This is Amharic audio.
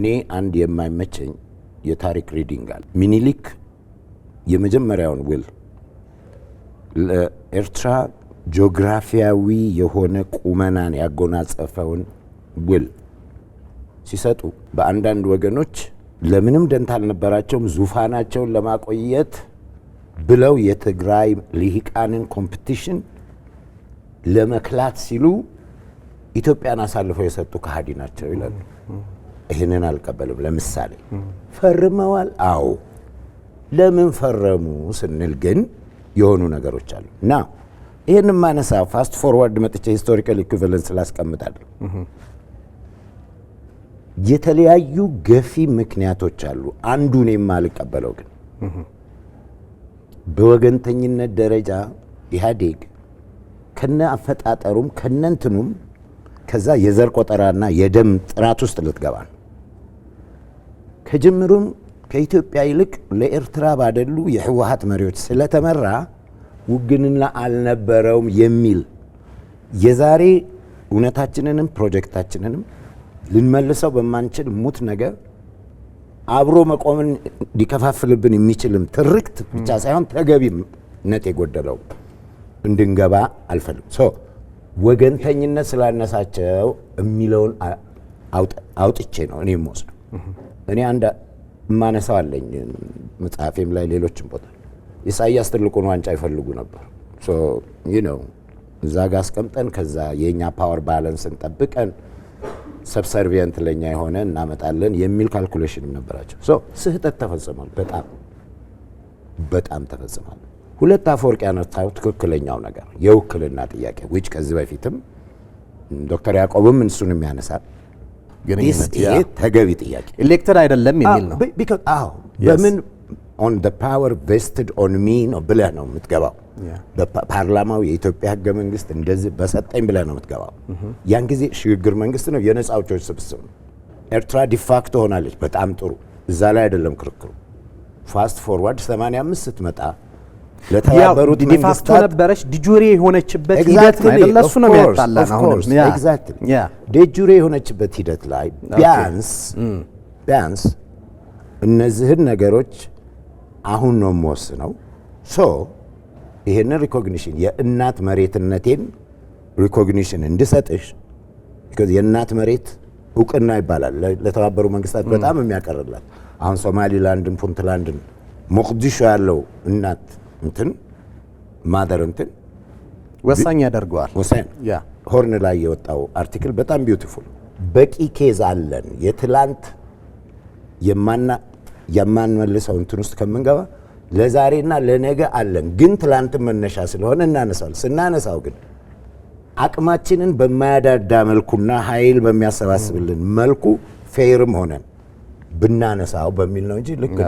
እኔ አንድ የማይመቸኝ የታሪክ ሪዲንግ አለ። ሚኒሊክ የመጀመሪያውን ውል ለኤርትራ ጂኦግራፊያዊ የሆነ ቁመናን ያጎናጸፈውን ውል ሲሰጡ በአንዳንድ ወገኖች ለምንም ደንታ አልነበራቸውም። ዙፋናቸውን ለማቆየት ብለው የትግራይ ልሂቃንን ኮምፕቲሽን ለመክላት ሲሉ ኢትዮጵያን አሳልፈው የሰጡ ከሃዲ ናቸው ይላሉ። ይህንን አልቀበልም። ለምሳሌ ፈርመዋል። አዎ ለምን ፈረሙ ስንል ግን የሆኑ ነገሮች አሉ እና ይህን ማነሳ ፋስት ፎርዋርድ መጥቼ ሂስቶሪካል ኢኩቫለንስ ላስቀምጣለሁ። የተለያዩ ገፊ ምክንያቶች አሉ። አንዱን የማልቀበለው ግን በወገንተኝነት ደረጃ ኢህአዴግ ከነ አፈጣጠሩም ከነንትኑም ከዛ የዘር ቆጠራና የደም ጥራት ውስጥ ልትገባ ነው። ከጅምሩም ከኢትዮጵያ ይልቅ ለኤርትራ ባደሉ የህወሀት መሪዎች ስለተመራ ውግንና አልነበረውም የሚል የዛሬ እውነታችንንም ፕሮጀክታችንንም ልንመልሰው በማንችል ሙት ነገር አብሮ መቆምን ሊከፋፍልብን የሚችልም ትርክት ብቻ ሳይሆን ተገቢነት የጎደለው እንድንገባ አልፈልም። ሶ ወገንተኝነት ስላነሳቸው የሚለውን አውጥቼ ነው እኔ የምወስደው። እኔ አንድ የማነሳው አለኝ መጽሐፌም ላይ ሌሎችም ቦታ ኢሳያስ ትልቁን ዋንጫ ይፈልጉ ነበር። ነው እዛ ጋ አስቀምጠን ከዛ የእኛ ፓወር ባላንስ እንጠብቀን ሰብሰርቪየንት ለኛ የሆነ እናመጣለን የሚል ካልኩሌሽን ነበራቸው። ስህተት ተፈጽሟል። በጣም በጣም ተፈጽሟል። ሁለት አፈወርቅ ያነሳው ትክክለኛው ነገር የውክልና ጥያቄ ዊች ከዚህ በፊትም ዶክተር ያዕቆብም እንሱንም ያነሳል። ግንኙነት ተገቢ ጥያቄ ኤሌክትድ አይደለም የሚል ነው። ah, በምን ኦን ዘ ፓወር ቬስትድ ኦን ሚ ነው ብለህ ነው የምትገባው። በፓርላማው የኢትዮጵያ ህገ መንግስት እንደዚህ በሰጠኝ ብለህ ነው የምትገባው። mm-hmm. ያን ጊዜ ሽግግር መንግስት ነው፣ የነጻ አውጪዎች ስብስብ ነው። ኤርትራ ዲፋክቶ ሆናለች። በጣም ጥሩ፣ እዛ ላይ አይደለም ክርክሩ። ፋስት ፎርዋርድ 85 ስትመጣ ለተባበሩት መንግስታት ነበረች ዲጁሬ የሆነችበት ሂደት አይደለ? እሱ ነው የሚያጣላን። አሁንም ኤግዛክትሊ ዲጁሬ የሆነችበት ሂደት ላይ ቢያንስ mm. ቢያንስ እነዚህን ነገሮች አሁን ነው የምወስነው። ሶ ይሄንን ሪኮግኒሽን የእናት መሬትነቴን ሪኮግኒሽን እንድሰጥሽ የእናት መሬት እውቅና ይባላል ለተባበሩ መንግስታት mm. በጣም የሚያቀርላት አሁን ሶማሊላንድን፣ ፑንትላንድን ሞቅዲሾ ያለው እናት እንትን ማደር እንትን ወሳኝ ያደርገዋል። ወሳኝ ሆርን ላይ የወጣው አርቲክል በጣም ቢዩቲፉል። በቂ ኬዝ አለን። የትላንት የማንመልሰው እንትን ውስጥ ከምንገባ ለዛሬና ለነገ አለን። ግን ትላንት መነሻ ስለሆነ እናነሳል። ስናነሳው ግን አቅማችንን በማያዳዳ መልኩና ኃይል በሚያሰባስብልን መልኩ ፌርም ሆነን ብናነሳው በሚል ነው እንጂ ልክ